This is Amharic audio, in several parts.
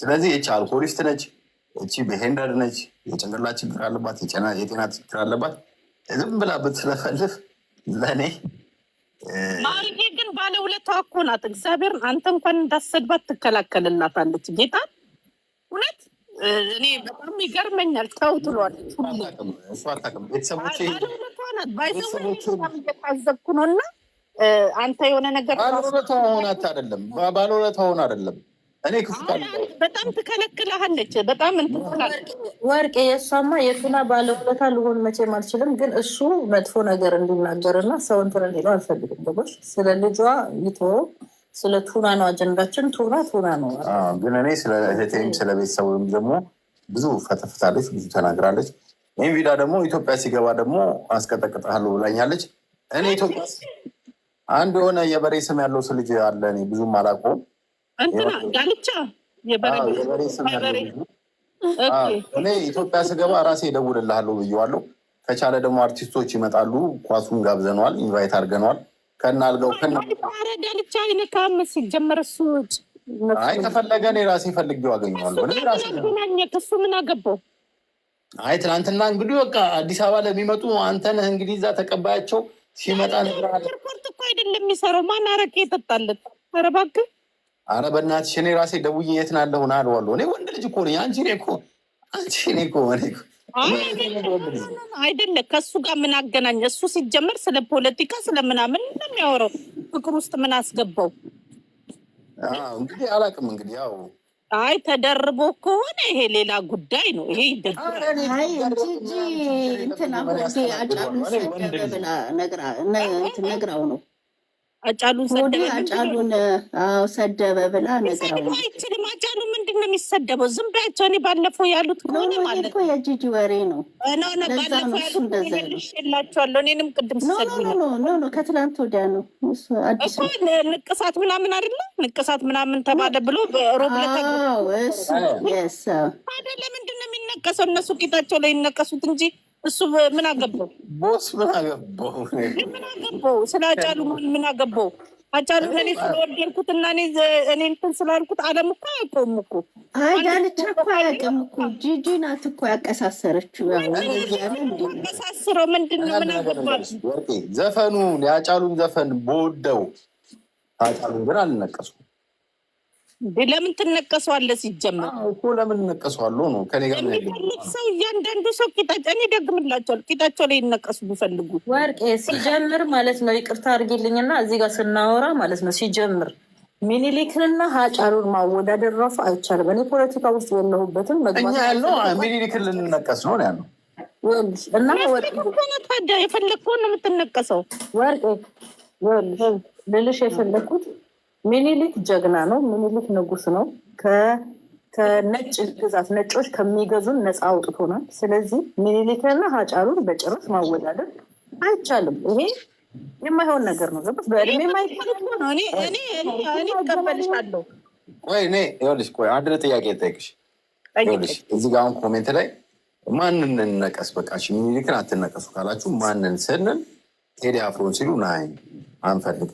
ስለዚህ ይቺ አልኮሊስት ነች፣ እቺ ብሄንደር ነች፣ የጭንቅላት ችግር አለባት፣ የጤና ችግር አለባት። ዝም ብላ ብትለፈልፍ ለእኔ ማርጌ ግን ባለ ሁለቷ እኮ ናት። እግዚአብሔርን አንተ እንኳን እንዳሰድባት ትከላከልላታለች። ጌታ እውነት እኔ በጣም ይገርመኛል። ተው ትሏለች። ቤተሰቦቼ ናት ባይዘቦቼ ነው እና አንተ የሆነ ነገር ባለሁለቷ ሆን አይደለም ባለሁለቷ ሆን አይደለም እኔ በጣም ትከለክላለች። በጣም ወርቅ የእሷማ የቱና ባለውለታ ልሆን መቼም አልችልም። ግን እሱ መጥፎ ነገር እንዲናገርና ሰው እንትን እንዲለው አልፈልግም። ገቦች ስለ ልጇ ይቶ ስለ ቱና ነው አጀንዳችን። ቱና ቱና ነው። ግን እኔ ስለ እህቴም ስለ ቤተሰቡም ደግሞ ብዙ ፈተፍታለች፣ ብዙ ተናግራለች። ይህም ቪዳ ደግሞ ኢትዮጵያ ሲገባ ደግሞ አስቀጠቅጥሃለሁ ብላኛለች። እኔ ኢትዮጵያ አንድ የሆነ የበሬ ስም ያለው ስልጅ አለ ብዙም አላውቀውም እንትና ጋልቻ እኔ ኢትዮጵያ ስገባ ራሴ ደውልልሃለሁ ብዬዋለሁ። ከቻለ ደግሞ አርቲስቶች ይመጣሉ። ኳሱን ጋብዘነዋል፣ ኢንቫይት አድርገነዋል። ከናልገው አልጋው ከነ ጋልቻ ሲጀመር እሱ አይ ከፈለገ እኔ ራሴ ፈልጌው አገኘዋለሁ። እሱ ምን አገባው? አይ ትናንትና እንግዲህ በቃ አዲስ አበባ ለሚመጡ አንተነህ እንግዲህ እዛ ተቀባያቸው ሲመጣ ሪፖርት እኮ አይደለም የሚሰራው ማን አረቄ ይጠጣለት? ኧረ እባክህ አረ በእናትሽ እኔ ራሴ ደውዬ የት ነው ያለሁት አለዋለሁ። እኔ ወንድ ልጅ እኮ ነኝ። አንቺ እኔ እኮ አንቺ እኔ እኮ አይደለ ከእሱ ጋር ምን አገናኝ? እሱ ሲጀመር ስለ ፖለቲካ ስለምናምን ነው ፍቅር ውስጥ ምን አስገባው? እንግዲህ አላውቅም። እንግዲህ ያው አይ ተደርቦ ከሆነ ይሄ ሌላ ጉዳይ ነው። ይሄ ይደግጅ እንትን ነግራው ነው አጫሉን አጫሉን ሰደበ ብላ ነገራችንም አጫሉ ምንድን ነው የሚሰደበው? ዝም ብላቸው። እኔ ባለፈው ያሉት ከሆነ ማለት ነው የጂጂ ወሬ ነው። እኔንም ቅድም ከትላንት ወዲያ ነው እኮ ንቅሳት ምናምን አይደለ ንቅሳት ምናምን ተባለ ብሎ ሮብለት ታዲያ ለምንድን ነው የሚነቀሰው? እነሱ ጌታቸው ላይ ይነቀሱት እንጂ እሱ ምን አገባው? ቦስ ምን አገባው? ስለ አጫሉ ምን አገባው? አጫሉ እኔ ስለወደድኩት እና እኔ እንትን ስላልኩት አለም እኮ አያውቀውም እኮ። አይ ዳንቻ እኮ አያውቅም እኮ። ጂጂ ናት እኮ ያቀሳሰረችው። ያቀሳስረው ምንድን ነው? ምን አገባል? ዘፈኑን የአጫሉን ዘፈን በወደው አጫሉን ግን አልነቀሱም ለምን ትነቀሰዋለህ? ሲጀመር እኮ ለምን እነቀሰዋለሁ ነው። ከኔ ጋር የሚፈልግ ሰው እያንዳንዱ ሰው ቂጣቸው እኔ ደግምላቸዋል። ቂጣቸው ላይ ይነቀሱ ቢፈልጉ። ወርቄ ሲጀምር ማለት ነው ይቅርታ አድርጊልኝና እዚህ ጋር ስናወራ ማለት ነው ሲጀምር ሚኒሊክንና ሀጫሉን ማወዳደር ራሱ አይቻልም። እኔ ፖለቲካ ውስጥ የለሁበትም። መግባት ያለው ሚኒሊክን ልንነቀስ ነው ያለው እና ወርቄ ታዲያ የፈለግከውን ነው የምትነቀሰው። ወርቅ ልልሽ የፈለግኩት ሚኒሊክ ጀግና ነው። ሚኒሊክ ንጉስ ነው። ከነጭ ግዛት ነጮች ከሚገዙን ነፃ አውጥቶናል። ስለዚህ ሚኒሊክና ሀጫሉን በጭራሽ ማወዳደር አይቻልም። ይሄ የማይሆን ነገር ነው። ገባሽ? በእድሜ ማይሆንእኔቀበልሻለሁ ወይ እኔ ቆይ አንድ ጥያቄ ጠይቅሽ። ይኸውልሽ እዚህ ጋር አሁን ኮሜንት ላይ ማንን እንነቀስ፣ በቃ ሚኒሊክን አትነቀሱ ካላችሁ ማንን ስንል ቴዲ አፍሮን ሲሉ ናይ አንፈልግም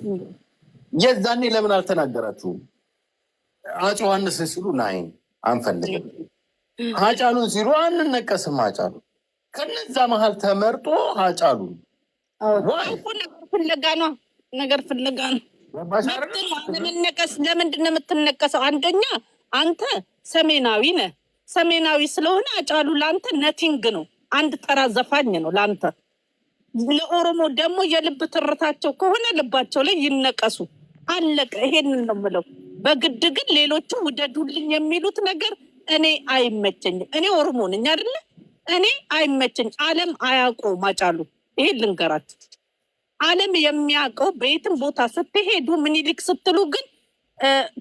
የዛኔ ለምን አልተናገራችሁም? አጭ ዮሐንስን ሲሉ ናይ አንፈልግም፣ ሀጫሉን ሲሉ አንነቀስም። ሀጫሉ ከነዛ መሀል ተመርጦ ሀጫሉ ፍለጋ ነው ነገር ፍለጋ ነው ለመነቀስ። ለምንድን ነው የምትነቀሰው? አንደኛ አንተ ሰሜናዊ ነህ። ሰሜናዊ ስለሆነ አጫሉ ለአንተ ነቲንግ ነው፣ አንድ ተራ ዘፋኝ ነው ለአንተ። ለኦሮሞ ደግሞ የልብ ትርታቸው ከሆነ ልባቸው ላይ ይነቀሱ። አለቀ። ይሄንን ነው የምለው። በግድ ግን ሌሎችም ውደዱልኝ የሚሉት ነገር እኔ አይመቸኝም። እኔ ኦሮሞ ነኝ አይደለ? እኔ አይመቸኝ። ዓለም አያውቀው ማጫሉ ይሄ ልንገራት። ዓለም የሚያውቀው በየትም ቦታ ስትሄዱ ምኒልክ ስትሉ ግን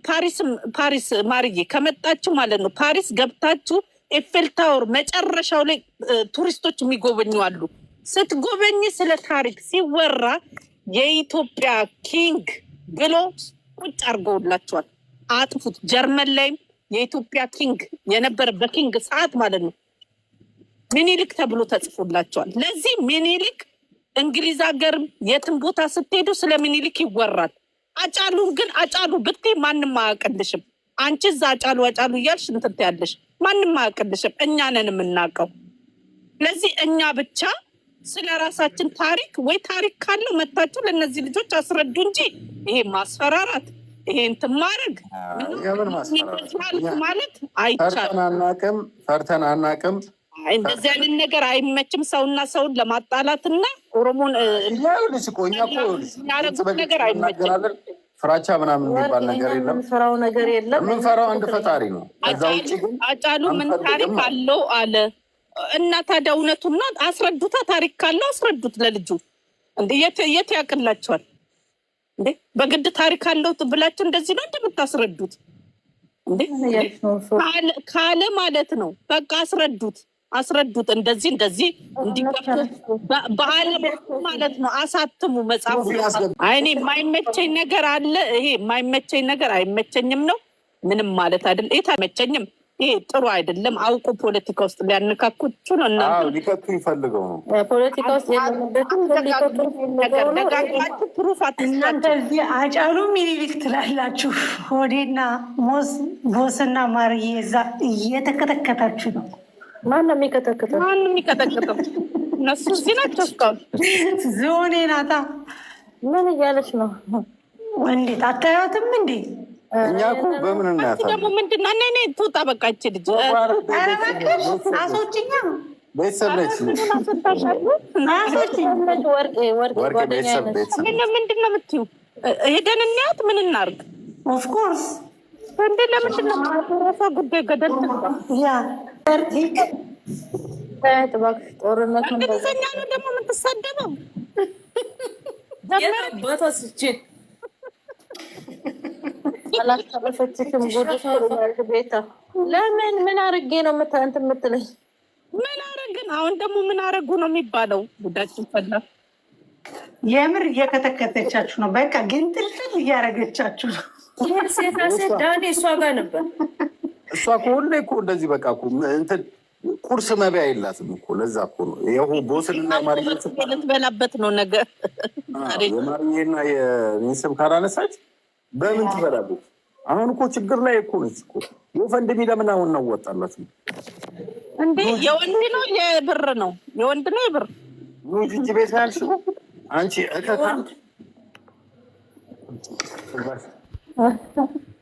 ፓሪስ ፓሪስ ማርዬ ከመጣችሁ ማለት ነው ፓሪስ ገብታችሁ ኤፌል ታወር መጨረሻው ላይ ቱሪስቶች የሚጎበኙ አሉ። ስትጎበኝ ስለ ታሪክ ሲወራ የኢትዮጵያ ኪንግ ብሎ ቁጭ አድርገውላቸዋል። አጥፉት። ጀርመን ላይም የኢትዮጵያ ኪንግ የነበረ በኪንግ ሰዓት ማለት ነው ሚኒሊክ ተብሎ ተጽፎላቸዋል። ለዚህ ሚኒሊክ እንግሊዝ ሀገር የትም ቦታ ስትሄዱ ስለ ሚኒሊክ ይወራል። አጫሉን ግን አጫሉ ብቴ ማንም አያውቅልሽም። አንቺ እዛ አጫሉ አጫሉ እያልሽ እንትን ትያለሽ፣ ማንም አያውቅልሽም። እኛ ነን የምናውቀው። ለዚህ እኛ ብቻ ስለ ራሳችን ታሪክ ወይ ታሪክ ካለው መታችሁ ለእነዚህ ልጆች አስረዱ እንጂ ይሄ ማስፈራራት፣ ይሄ እንትን ማድረግ ማለት አይቻልም። ፈርተን አናቅም። እንደዚህ አይነት ነገር አይመችም። ሰውና ሰውን ለማጣላትና ኦሮሞን ነገር ፍራቻ ምናምን የሚባል ነገር የለም። የምንፈራው ነገር የለም። የምንፈራው አንድ ፈጣሪ ነው። አጫሉ ምን ታሪክ አለው አለ እና ታዲያ እውነቱና አስረዱታ። ታሪክ ካለው አስረዱት ለልጁ እንዴ! የት ያቅላቸዋል? እንዴ በግድ ታሪክ አለው ብላችሁ እንደዚህ ነው እንደምታስረዱት? እንዴ ካለ ማለት ነው። በቃ አስረዱት፣ አስረዱት እንደዚህ እንደዚህ እንዲቀጥል በአለም ማለት ነው። አሳትሙ መጽሐፉ። አይ የማይመቸኝ ነገር አለ። ይሄ የማይመቸኝ ነገር አይመቸኝም ነው ምንም ማለት አይደል። የት አይመቸኝም ይሄ ጥሩ አይደለም። አውቁ ፖለቲካ ውስጥ ሊያነካኩቹ ነው እና ሊቀጡ ይፈልገው ነው ፖለቲካ ውስጥ የለንበትም ፕሩፋት እናንተ እዚህ አጫሉ ሚኒሊክ ትላላችሁ። ሆዴና ሞስ ቦስና ማርዬ እዛ እየተከተከታችሁ ነው። ማነው የሚቀጠቅጠው? ማነው የሚቀጠቅጠው? እነሱ እዚህ ናቸው። እስካሁን ዝሆኔ ናታ ምን እያለች ነው? እንዴት አታያትም እንዴ? እኛ እኮ በምን እናያታለን? ደግሞ ምንድን ነው እኔ ትውጣ ልጅ ቤተሰብ ነች። ምንድን ነው የምትይው? ሄደን እንያት ምን እናድርግ? ኦፍኮርስ እንዴ ለምንድን ነው ራሷ ጉዳይ ገደል ደግሞ የምትሳደበው አላስተረፈችሽም። ቤታ ለምን ምን አርጌ ነው ምን አረግን? አሁን ደግሞ ምን አረጉ ነው የሚባለው? ጉዳችን ፈላ። የምር እየከተከተቻችሁ ነው። በቃ እያረገቻችሁ ነው። ሴታሴት ዳኔ እሷ ጋር ነበር። እሷ እኮ እንደዚህ በቃ እንትን ቁርስ መቢያ የላትም እኮ ለዛ እኮ ነው ይሁ ቦስልና ማርዬ ነው ነገ የማርዬና የኔን ካላነሳች በምን ትበላለች? አሁን እኮ ችግር ላይ እኮ ነች እኮ። ሚ ለምን አሁን ነው ወጣላት እንዴ? የወንድ ነው የብር ነው የወንድ ነው የብር ጅጅ ቤት ያልሽ አንቺ እከታ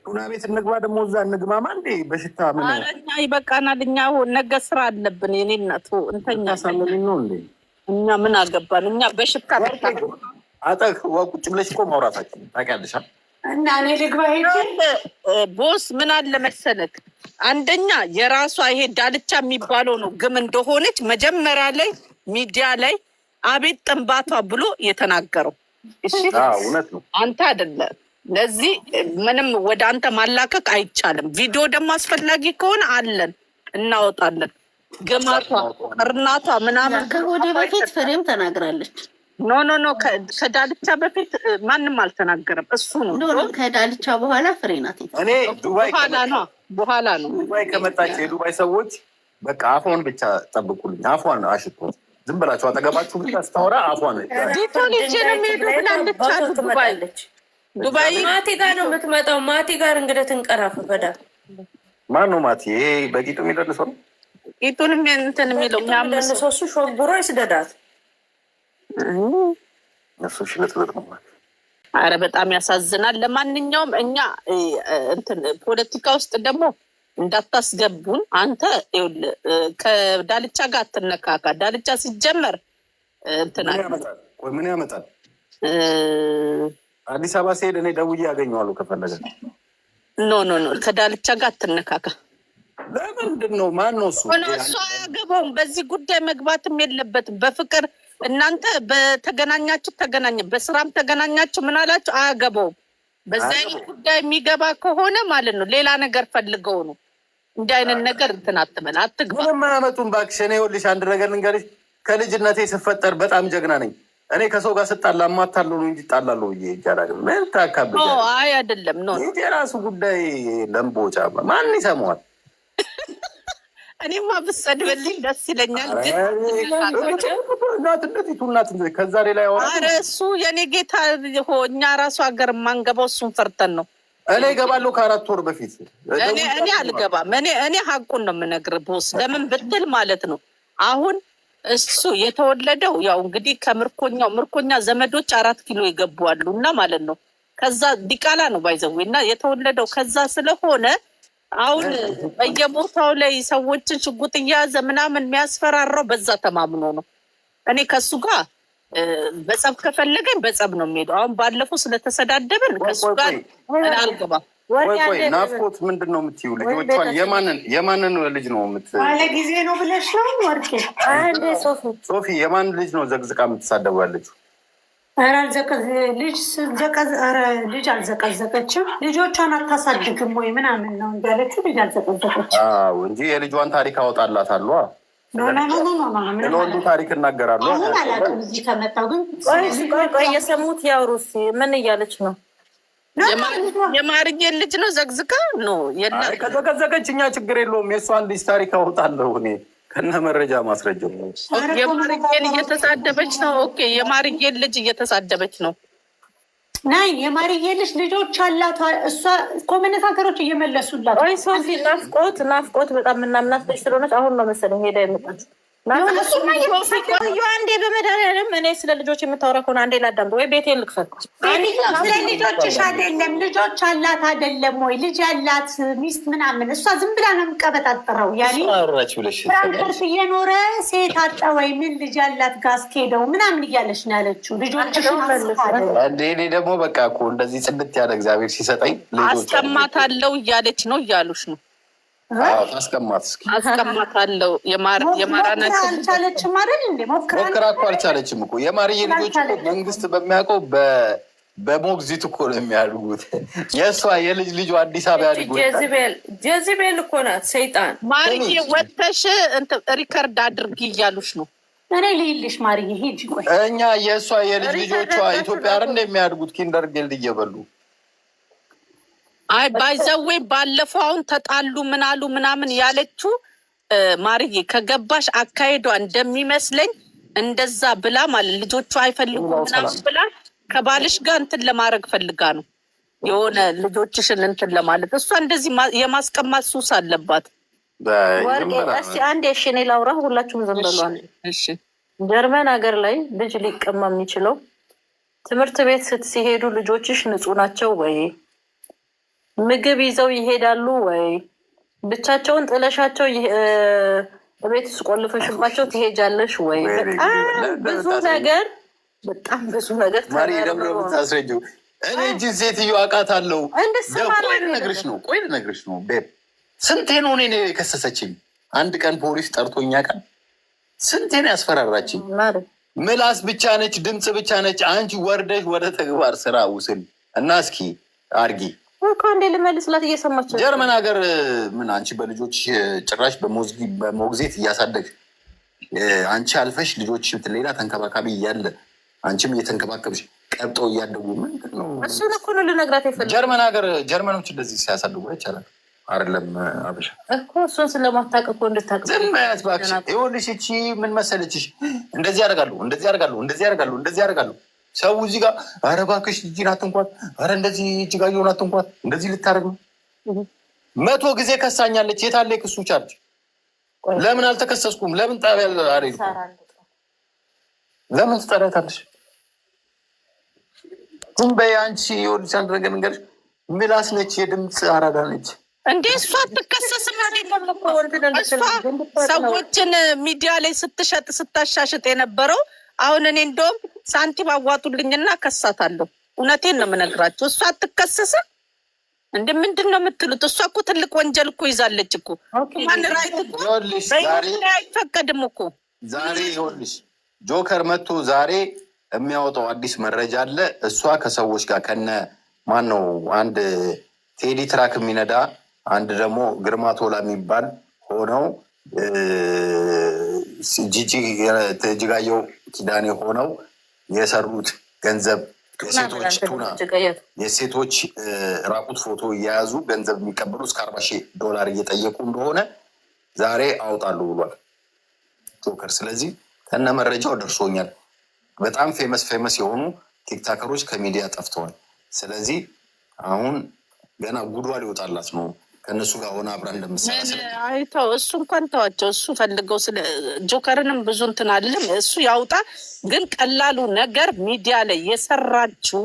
ቱና ቤት እንግባ፣ ደግሞ እዛ እንግማማ እንዴ በሽታ ምን አረኛ ይበቃናል። እኛ ነገ ስራ አለብን። የኔ እናቱ እንተኛ ሳምን ነው እንዴ እኛ ምን አገባን? እኛ በሽታ አጠቅ ቁጭ ብለሽ እኮ ማውራታችን ታውቂያለሽ። እና እኔ ልግባ ሄጄ ቦስ ምን አለ መሰለክ፣ አንደኛ የራሷ ይሄ ዳልቻ የሚባለው ነው ግም እንደሆነች መጀመሪያ ላይ ሚዲያ ላይ አቤት ጥንባቷ ብሎ የተናገረው እሺ፣ እውነት ነው። አንተ አይደለም ለዚህ ምንም ወደ አንተ ማላከቅ አይቻልም። ቪዲዮ ደግሞ አስፈላጊ ከሆነ አለን እናወጣለን። ግማቷ እርናቷ ምናምን ከሆዴ በፊት ፍሬም ተናግራለች። ኖ ኖ ኖ ከዳልቻ በፊት ማንም አልተናገረም። እሱ ነው ከዳልቻ በኋላ ፍሬ ናት። እኔ በኋላ ነው በኋላ ነው ዱባይ ከመጣች የዱባይ ሰዎች በቃ አፏን ብቻ ጠብቁልኝ። አፏን አሽቶ ዝም ብላችሁ አጠገባችሁ ብቻ ስታወራ አፏን ዲቶን ይዤ ነው የምሄደው ብላ እንድቻሉ ዱባይ ዱባይ ማቴ ጋር ነው የምትመጣው። ማቴ ጋር እንግዲህ ትንቀራፍ በዳ ማን ነው ማቴ? ይሄ በቂጡ የሚደርሰው ነው ቂጡን እንትን የሚለው የሚያምሱ ሾብሮ ይስደዳት እነሱም ሽነት ነው። አረ በጣም ያሳዝናል። ለማንኛውም እኛ እንትን ፖለቲካ ውስጥ ደግሞ እንዳታስገቡን። አንተ ከዳልቻ ጋር አትነካካ። ዳልቻ ሲጀመር እንትን ምን ያመጣል? አዲስ አበባ ሲሄድ እኔ ደውዬ ያገኘዋሉ ከፈለገ። ኖ ኖ ኖ ከዳልቻ ጋር አትነካካ። ለምንድን ነው ማን ነው እሱ? እሱ አያገባውም። በዚህ ጉዳይ መግባትም የለበትም በፍቅር እናንተ በተገናኛችሁ ተገናኘ፣ በስራም ተገናኛችሁ ምን አላችሁ አያገባውም። በዛ አይነት ጉዳይ የሚገባ ከሆነ ማለት ነው ሌላ ነገር ፈልገው ነው። እንዲህ አይነት ነገር እንትን አትበል፣ አትግባ። ምንም አያመጡም እባክሽ። እኔ ይኸውልሽ አንድ ነገር ልንገርሽ፣ ከልጅነቴ ስፈጠር በጣም ጀግና ነኝ። እኔ ከሰው ጋር ስጣላ ማታለ ነው እንጂ ጣላለ ብዬ ይቻላል። ምን ታካብ አይ አይደለም ነው የራሱ ጉዳይ ለምቦጫ ማን ይሰማዋል? እኔማ ብትሰድብልኝ ደስ ይለኛል። ከዛ ሌላ ኧረ እሱ የኔ ጌታ እኛ ራሱ ሀገር የማንገባው እሱን ፈርተን ነው። እኔ እገባለሁ ከአራት ወር በፊት እኔ አልገባም። እኔ እኔ ሀቁን ነው የምነግርህ ቦስ። ለምን ብትል ማለት ነው አሁን እሱ የተወለደው ያው እንግዲህ ከምርኮኛው ምርኮኛ ዘመዶች አራት ኪሎ ይገቡዋሉ እና ማለት ነው ከዛ ዲቃላ ነው ባይዘዌ እና የተወለደው ከዛ ስለሆነ አሁን በየቦታው ላይ ሰዎችን ሽጉጥ እያያዘ ምናምን የሚያስፈራራው በዛ ተማምኖ ነው። እኔ ከሱ ጋር በጸብ ከፈለገኝ በጸብ ነው የሚሄደው። አሁን ባለፈው ስለተሰዳደብን ከሱ ጋር አልገባም። ናፍቆት ምንድን ነው የምትይው? ልጆቿን የማንን ልጅ ነው ጊዜ ነው ብለሽ ነው? ሶፊ የማን ልጅ ነው ዘግዝቃ የምትሳደቡ ያለችው? ልጅ አልዘቀዘቀችም፣ ልጆቿን አታሳድግም ወይ ምናምን ነው እንዳለችው። ልጅ አልዘቀዘቀችም እንጂ የልጇን ታሪክ አወጣላታለሁ። ለወንዱ ታሪክ እናገራሉ። እዚህ ከመጣሁ ግን የሰሙት ያውሩስ ምን እያለች ነው? የማርዬን ልጅ ነው ዘግዝቃ ነው። ከዘቀዘቀች እኛ ችግር የለውም። የእሷን ልጅ ታሪክ አወጣለሁ እኔ ከነ መረጃ ማስረጃው የማርጌን እየተሳደበች ነው። ኦኬ የማርጌን ልጅ እየተሳደበች ነው። ናይ የማርዬ ልጅ ልጆች አላት እሷ ሀገሮች እየመለሱላት ወይ ናፍቆት ናፍቆት በጣም ምናምናት ስለሆነች አሁን ነው መሰለኝ ሄዳ የመጣችው አንዴ በመድኃኒዓለም እኔ ስለ ልጆች የምታወራ ከሆነ አንዴ ላዳምጥ፣ ወይ ቤቴን ልክፈት። ስለ ልጆችሽ አይደለም ልጆች አላት አይደለም ወይ ልጅ ያላት ሚስት ምናምን፣ እሷ ዝም ብላ ነው የምቀበጣጥረው። ፍራንክፈርት እየኖረ ሴት አጣ ወይ ምን ልጅ ያላት ምናምን እያለች ነው ያለችው። ልጆች እኔ ደግሞ በቃ እኮ እንደዚህ ጽድት ያለ እግዚአብሔር ሲሰጠኝ አስቀማታለሁ እያለች ነው እያሉሽ ነው ታስቀማት እስኪ አስቀማታለሁ። አልቻለችም አይደል እንዴ? ሞክራ እኮ አልቻለችም እኮ የማርዬ ልጆች መንግስት በሚያውቀው በሞግዚት እኮ ነው የሚያድጉት። የእሷ የልጅ ልጁ አዲስ አበባ ያድጉ። ጀዚቤል እኮ ናት ሰይጣን። ማርዬ ሪከርድ አድርጊ እያሉሽ ነው። እኔ ልይልሽ ማርዬ ሂጂ እኛ የእሷ የልጅ ልጆቿ ኢትዮጵያ አይደል የሚያድጉት ኪንደር ጌልድ እየበሉ አይ ባይዘዌ ባለፈው አሁን ተጣሉ ምናሉ ምናምን ያለችው ማርዬ ከገባሽ አካሄዷ እንደሚመስለኝ እንደዛ ብላ ማለት ልጆቹ አይፈልጉ ምናምን ብላ ከባልሽ ጋር እንትን ለማድረግ ፈልጋ ነው የሆነ ልጆችሽን እንትን ለማለት እሷ እንደዚህ የማስቀማት ሱስ አለባት። እስኪ አንድ የሽኔ ላውራ፣ ሁላችሁም ዝም ጀርመን ሀገር ላይ ልጅ ሊቀማ የሚችለው ትምህርት ቤት ስትሄዱ ልጆችሽ ንጹህ ናቸው ወይ ምግብ ይዘው ይሄዳሉ ወይ? ብቻቸውን ጥለሻቸው ቤት ውስጥ ቆልፈሽባቸው ትሄጃለሽ ወይ? በጣም ብዙ ነገር በጣም ብዙ ነገር ታስረጁ። እኔ እጅን ሴትዮ አውቃታለሁ። ቆይ ልነግርሽ ነው፣ ቆይ ልነግርሽ ነው። ቤ ስንቴ ነው እኔ የከሰሰችኝ? አንድ ቀን ፖሊስ ጠርቶኛ ቀን ስንቴን ያስፈራራችኝ? ምላስ ብቻ ነች፣ ድምፅ ብቻ ነች። አንቺ ወርደሽ ወደ ተግባር ስራ ውስል እና እስኪ አርጊ ከአንዴ ልመልስላት እየሰማች ጀርመን ሀገር ምን አንቺ በልጆች ጭራሽ በሞግዜት እያሳደግ አንቺ አልፈሽ ልጆች ሌላ ተንከባካቢ እያለ አንቺም እየተንከባከብሽ ቀብጠው እያደጉ ምን ነው? እሱን እኮ ነው ልነግራት የፈለኩት። ጀርመን ሀገር ጀርመኖች እንደዚህ ሲያሳድጉ አይቻልም። አይደለም አበሻ እኮ እሱን ስለማታውቅ እኮ እንድታውቅ ዝም በያት እባክሽ። ይኸውልሽ እቺ ምን መሰለችሽ? እንደዚህ ያደርጋሉ፣ እንደዚህ ያደርጋሉ፣ እንደዚህ ያደርጋሉ፣ እንደዚህ ያደርጋሉ ሰው እዚህ ጋር አረ እባክሽ ጂጂን አትንኳት፣ አረ እንደዚህ እጅጋ የሆን አትንኳት፣ እንደዚህ ልታደርግ ነው። መቶ ጊዜ ከሳኛለች። የታለ ክሱ ቻርጅ? ለምን አልተከሰስኩም? ለምን ጣቢያ ለምን ትጠሪያታለሽ? ዝም በይ አንቺ። የወዲች አንድ ነገር ምላስ ነች፣ የድምፅ አራዳ ነች። እንዴ እሷ አትከሰስም። እሷ ሰዎችን ሚዲያ ላይ ስትሸጥ ስታሻሽጥ የነበረው አሁን እኔ እንደውም ሳንቲም አዋጡልኝና ከሳታለሁ። እውነቴን ነው የምነግራቸው። እሷ አትከሰስም። እንደ ምንድን ነው የምትሉት? እሷ እኮ ትልቅ ወንጀል እኮ ይዛለች እኮ ማን ራይት እኮ አይፈቀድም እኮ። ዛሬ ይኸውልሽ ጆከር መጥቶ ዛሬ የሚያወጣው አዲስ መረጃ አለ። እሷ ከሰዎች ጋር ከነ ማን ነው አንድ ቴዲ ትራክ የሚነዳ አንድ ደግሞ ግርማ ቶላ የሚባል ሆነው ጂጂ ጅጋየው ኪዳኔ ሆነው የሰሩት ገንዘብ ሴቶች የሴቶች ራቁት ፎቶ እየያዙ ገንዘብ የሚቀበሉ እስከ አርባ ሺህ ዶላር እየጠየቁ እንደሆነ ዛሬ አውጣሉ ብሏል ጆከር። ስለዚህ ከነ መረጃው ደርሶኛል። በጣም ፌመስ ፌመስ የሆኑ ቲክታከሮች ከሚዲያ ጠፍተዋል። ስለዚህ አሁን ገና ጉዷ ሊወጣላት ነው። ከእነሱ ጋር ሆነ አብራ እንደምሰራሰው እሱ እንኳን ተዋቸው። እሱ ፈልገው ስለ ጆከርንም ብዙ እንትን አልልም። እሱ ያውጣ። ግን ቀላሉ ነገር ሚዲያ ላይ የሰራችው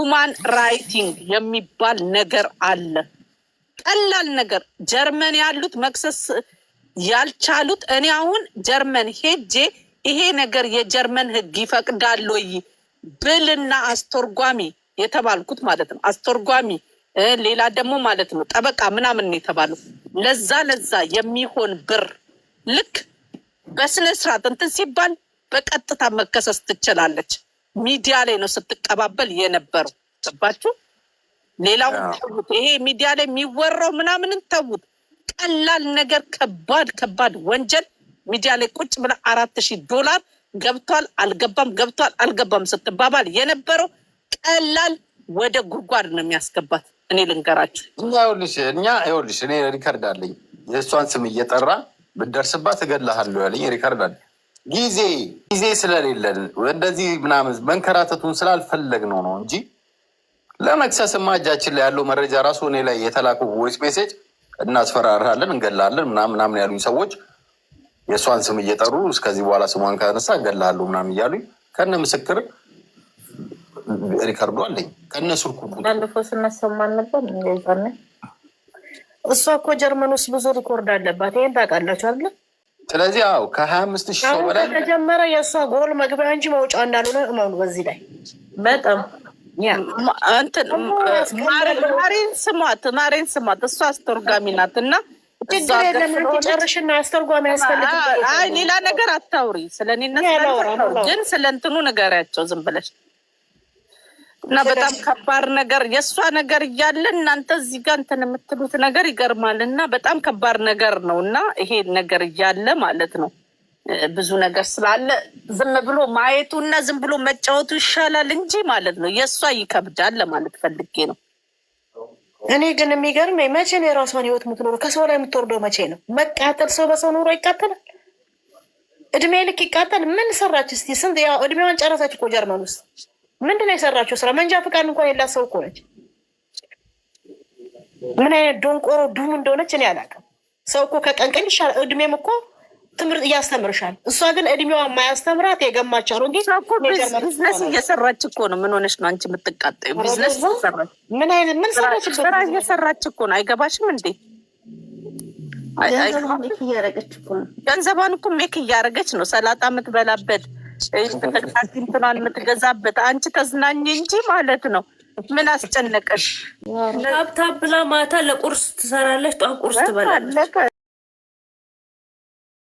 ሁማን ራይቲንግ የሚባል ነገር አለ። ቀላል ነገር ጀርመን ያሉት መክሰስ ያልቻሉት እኔ አሁን ጀርመን ሄጄ ይሄ ነገር የጀርመን ሕግ ይፈቅዳል ወይ ብልና አስተርጓሚ የተባልኩት ማለት ነው አስተርጓሚ ሌላ ደግሞ ማለት ነው ጠበቃ ምናምን ነው የተባለው። ለዛ ለዛ የሚሆን ብር ልክ በስነ ስርዓት እንትን ሲባል በቀጥታ መከሰስ ትችላለች። ሚዲያ ላይ ነው ስትቀባበል የነበረው። ጽባችሁ ሌላው ተዉት። ይሄ ሚዲያ ላይ የሚወራው ምናምንን ተዉት። ቀላል ነገር ከባድ ከባድ ወንጀል ሚዲያ ላይ ቁጭ ብለ አራት ሺህ ዶላር ገብቷል አልገባም፣ ገብቷል አልገባም ስትባባል የነበረው ቀላል ወደ ጉድጓድ ነው የሚያስገባት። እኔ ልንገራችሁ እኛ ይኸውልሽ እኛ ይኸውልሽ እኔ ሪከርድ አለኝ የእሷን ስም እየጠራ ብደርስባት እገድልሃለሁ ያለኝ ሪከርድ አለ። ጊዜ ጊዜ ስለሌለን እንደዚህ ምናምን መንከራተቱን ስላልፈለግ ነው ነው እንጂ ለመክሰስ እጃችን ላይ ያለው መረጃ ራሱ እኔ ላይ የተላኩ ቮይስ ሜሴጅ እናስፈራርሃለን፣ እንገላለን ምናምን ምናምን ያሉኝ ሰዎች የእሷን ስም እየጠሩ እስከዚህ በኋላ ስሟን ከነሳ እገድልሃለሁ ምናምን እያሉኝ ከነ ምስክር ሪከርዶ አለኝ ከነሱ ርኩኩ ባለፈው ስናሰማን ነበር። እንደዛነ እሷ እኮ ጀርመን ውስጥ ብዙ ሪኮርድ አለባት። ይህን ታውቃላችሁ አለ ስለዚህ አዎ ከሀያ አምስት ሺ ሰው በላይ ከተጀመረ የእሷ ጎል መግቢያ እንጂ መውጫ እንዳልሆነ እመኑ። በዚህ ላይ በጣም ማሬን ስማት ማሬን ስማት እሷ አስተርጓሚ ናት እና ችግር የለም ጨርሽና አስተርጓሚ ያስፈልግ። ሌላ ነገር አታውሪ ስለኔ፣ እነሱ ግን ስለ እንትኑ ንገሪያቸው ዝም ብለሽ እና በጣም ከባድ ነገር የእሷ ነገር እያለ እናንተ እዚህ ጋር እንትን የምትሉት ነገር ይገርማል። እና በጣም ከባድ ነገር ነው። እና ይሄ ነገር እያለ ማለት ነው ብዙ ነገር ስላለ ዝም ብሎ ማየቱ እና ዝም ብሎ መጫወቱ ይሻላል እንጂ ማለት ነው የእሷ ይከብዳል ለማለት ፈልጌ ነው። እኔ ግን የሚገርመኝ መቼ ነው የራሷን ህይወት የምትኖረው? ከሰው ላይ የምትወርደው መቼ ነው? መቃጠል ሰው በሰው ኑሮ ይቃጠላል? እድሜ ልክ ይቃጠል? ምን ሰራች እስቲ? ስንት ያው እድሜዋን ጨረሰች እኮ ጀርመን ውስጥ ምንድን ነው የሰራችው ስራ? መንጃ ፍቃድ እንኳን የላት ሰው እኮ ነች። ምን አይነት ዶንቆሮ ዱም እንደሆነች እኔ አላውቅም። ሰው እኮ ከቀን ቀን ይሻላል። እድሜም እኮ ትምህርት እያስተምርሻል። እሷ ግን እድሜዋ ማያስተምራት የገማቻ ነው ቢዝነስ እየሰራች እኮ ነው። ምን ሆነች ነው አንቺ የምትቃጠ? ቢዝነስ ምን አይነት ምን ሰራች? ስራ እየሰራች እኮ ነው። አይገባሽም እንዴ? ገንዘቧን እኮ ሜክ እያደረገች ነው። ሰላጣ የምትበላበት እንትኗን የምትገዛበት አንቺ ተዝናኝ እንጂ ማለት ነው። ምን አስጨነቀሽ? ሀብታም ብላ ማታ ለቁርስ ትሰራለች፣ ጧት ቁርስ ትበላለች።